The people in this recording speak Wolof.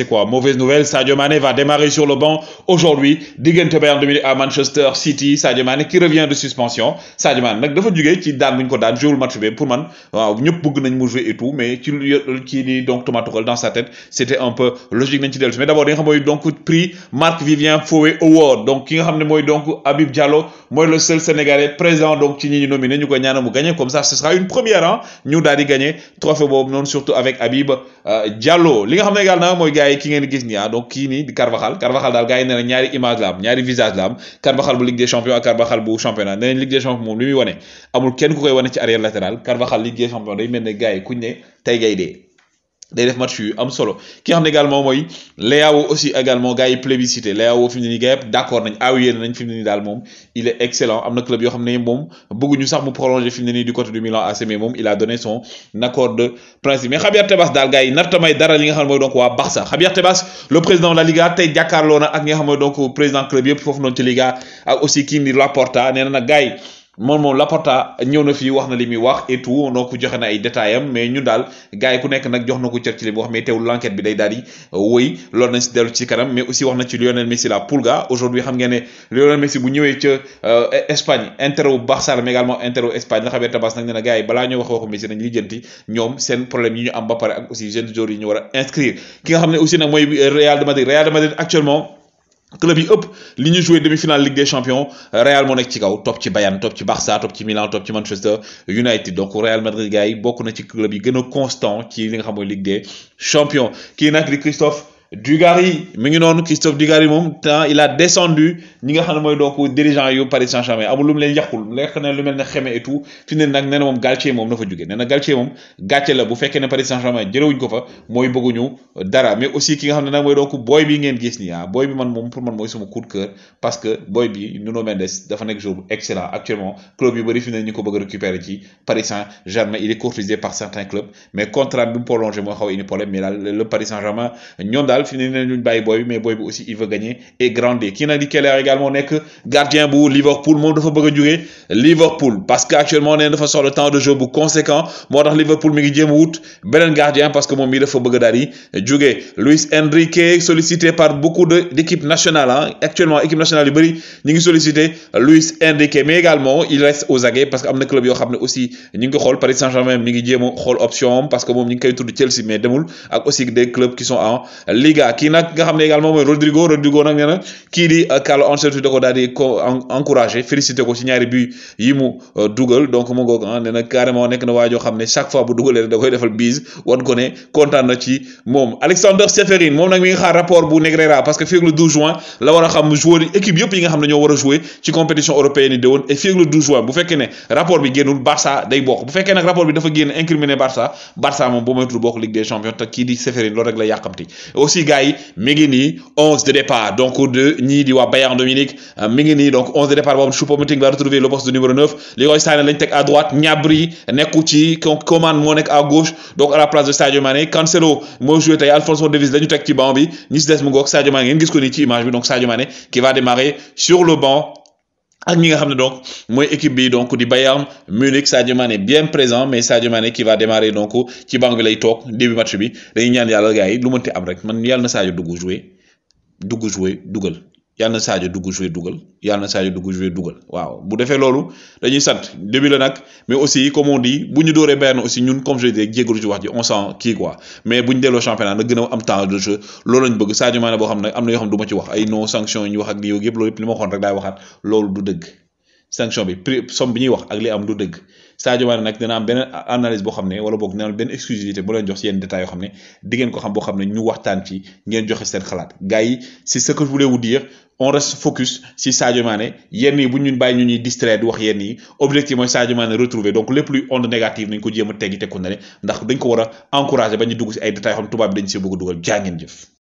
c'est quoi Mauvaise nouvelle, Sadio Mane va démarrer sur le banc aujourd'hui. Diggante Bayern de à Manchester City, Sadio Mane qui revient de suspension. Sadio Mane nak dafa jugé ci daan bu ñu ko daan match pour man waaw ñepp bëgg nañ mu jouer et tout mais ci dit donc Thomas Tuchel dans sa tête c'était un peu logique mais d'abord il y a un donc prix Marc Vivien Foué Award donc ki nga a un donc Habib Diallo moy le seul Sénégalais présent donc ci ñi ñu nominé ñu ko comme ça ce sera une première Nous hein, ñu daal di gagné trophée bobu non surtout avec Habib euh, Diallo li nga également yi ki ngeen gis nia ah donc kii nii di Carvajal Carvajal daal gars yi nee na ñaari image la am ñaari visage la am Carvajal bu Ligue des champions ak Carvajal bu championnat nee nañ Ligue des champions moom li muy wane amul kenn ku koy wane ci arrière latéral Carvajal Ligue des champions day mel ne gars yi kuñ ne tey gay dee day def match yu am solo ki nga xam ne également Leao aussi également gars yi plébiscité Leao fimni mu ne nii nañ awiyé ah nañ fimni mu ne il est excellent amna club yo xam mom bëggu ñu sax mu prolonger fimni mu du côté du Milan AC mais mom il a donné son accord de principe mais Javier Tebas d'al gars nartamay dara li nga xam ne donc wa Barça Javier Tebas le président de la Liga tay jàkkaarloo na ak nga xam donc président club yépp fofu non ci Liga ak aussi kii ni Laporta néna na nag moom moom Laporta ñëw na fii wax na li muy wax et tout donc joxe na ay détails am mais ñun daal gars yi ku nekk nag jox na ko cër ci li mu wax mais teewul l'enquête bi day daal di euh, wëy loolu nañ si dellu ci kanam mais aussi wax na ci Lionel Messi la Pulga aujourd'hui xam ngeen ne Lionel Messi bu ñëwee ca euh, Espagne Inter Barça mais également Inter Espagne la xamee tabas nag nee na gars yi balaa ñoo wax waxu Messi nañ lijjanti ñoom seen problème yi ñu am ba pare ak aussi jeunes joueurs yi ñu war a inscrire ki nga xam ne aussi nag mooy euh, Real de Madrid Real de Madrid actuellement club yi ëpp joue ñu demi-finale Ligue des Champions Real moo ci kaw top ci Bayern top ci Barça top ci Milan top ci Manchester United donc Real Madrid gars yi ci club yi gëna constant ci li nga xam Ligue des Champions ki nak Christophe Dugarry mi ngi Christophe Dugarry moom temps il a descendu ñi nga xam ne mooy dirigeant yu Paris Saint-Germain amul lu mu leen yàqul lekk na lu mel xeme et tout Fini ne nag nee na moom Galtier moom na fa jóge nee na Galtier moom gàcce la bu fekkee ne Paris Saint-Germain jërewuñ ko fa mooy bëgguñu dara mais aussi ki nga xam ne nag mooy donc booy bi ngeen gis ni ah booy bi man moom pour man mooy sama coup cœur parce que booy bi Nuno Mendes dafa nekk joueur excellent actuellement club yu bëri fini. ne ñu ko bëgg récupérer ci Paris Saint-Germain il est courtisé par certains clubs mais contrat bi mu prolongé moo xaw a indi problème mais le Paris Saint-Germain ñoom daal Sénégal dans une duñ boy mais boy aussi il veut gagner et grandir qui n'a dit qu'elle est également que gardien pour Liverpool monde dafa bëgg durer Liverpool parce qu'actuellement actuellement de façon le temps de jeu beaucoup conséquent moi dans Liverpool je ngi gardien parce que mon milieu dafa bëgg daal jouer Luis Enrique sollicité par beaucoup de nationales, hein. actuellement équipe nationale yu bëri ñu sollicité Luis Enrique mais également il reste aux aguets parce que am club il aussi ñu ngi Paris Saint-Germain mi ngi option parce que mon ñu ngi Chelsea mais demul ak aussi des clubs qui sont en Liga qui nag nga xamné également Rodrigo Rodrigo nak nee na di euh, Carlo Ancelotti da ko daal di ko ko ci ñaari but yi mu euh, donc mo ngoog ah nee carrément nek na waa xamné chaque fois bu dougalé da koy defal bise won ko ne kontaan na ci moom Alexander Seferin moom nak mi nga xaar rapport bu Negreira parce que fii le 12 juin la wara a xam joueur équipe yëpp yi nga xam ne ñoo war jouer ci compétition européenne de won et fii le 12 juin bu fekkee né rapport bi génnul Barça day bok bu fekkee nag rapport bi dafa génn incriminer Barça Barça bu may moytul bok Ligue des Champions ta ki di Seferin loolu rek la yakamti aussi Gaï, Megini, 11 de départ donc au 2, di waa Bayern Dominique euh, Megini, donc 11 de départ Bon, choupo meeting va retrouver le poste de numéro 9 Leroy Sané lañ à droite Nyabri, Nekuti ci Monek à gauche donc à la place de Sadio Mané Cancelo moi je tey Alphonso Davies lañu teg ci Bambi. bi ñi des Sadio Mané donc Sadio Mané qui va démarrer sur le banc ak ñi nga donc moy équipe bi donc di Bayern Munich Sadio Mané bien présent mais Sadio Mané qui va démarrer donc ci banc bi lay tok début match bi dañuy ñaan Yalla gars yi lu mënti am rek man Yalla na Sadio dugg jouer dugg jouer dugal yalla Sadio dugg joué dugal yalla Sadio dugg joué dugal waaw bu defee lolu dañuy ça. début la nak mais aussi comme on dit buñu ñu aussi ñun comme je dis ci wax ji on sent qui quoi mais buñu délo championnat on am temps de jeu lolu lañ bëgg Sadio Mané bo xamné amna yo ci wax ay non sanction ñu wax ak rek du sanction bi prix somme bi ñuy wax ak li am du dëgg Sadio nag dina am beneen analyse boo xam ne wala boo dina am benn exclusivité bu leen jox si yenn ne di ngeen ko xam boo xam ne ñu waxtaan ci ngeen joxe seen xalaat gars yi c'est ce que je voulais vous dire on reste focus si Sadio Mané yenn yi bu ñun bàyyi ñu ñuy distraire di wax yenn yi objectif mooy Sadio Mané retrouver donc lépp luy onde négative nañ ko jéem a teggi tegu na ne ndax dañ ko war a encourager ba ñu dugg si ay détails yoo xam tubaab bi dañ si bëgg a dugal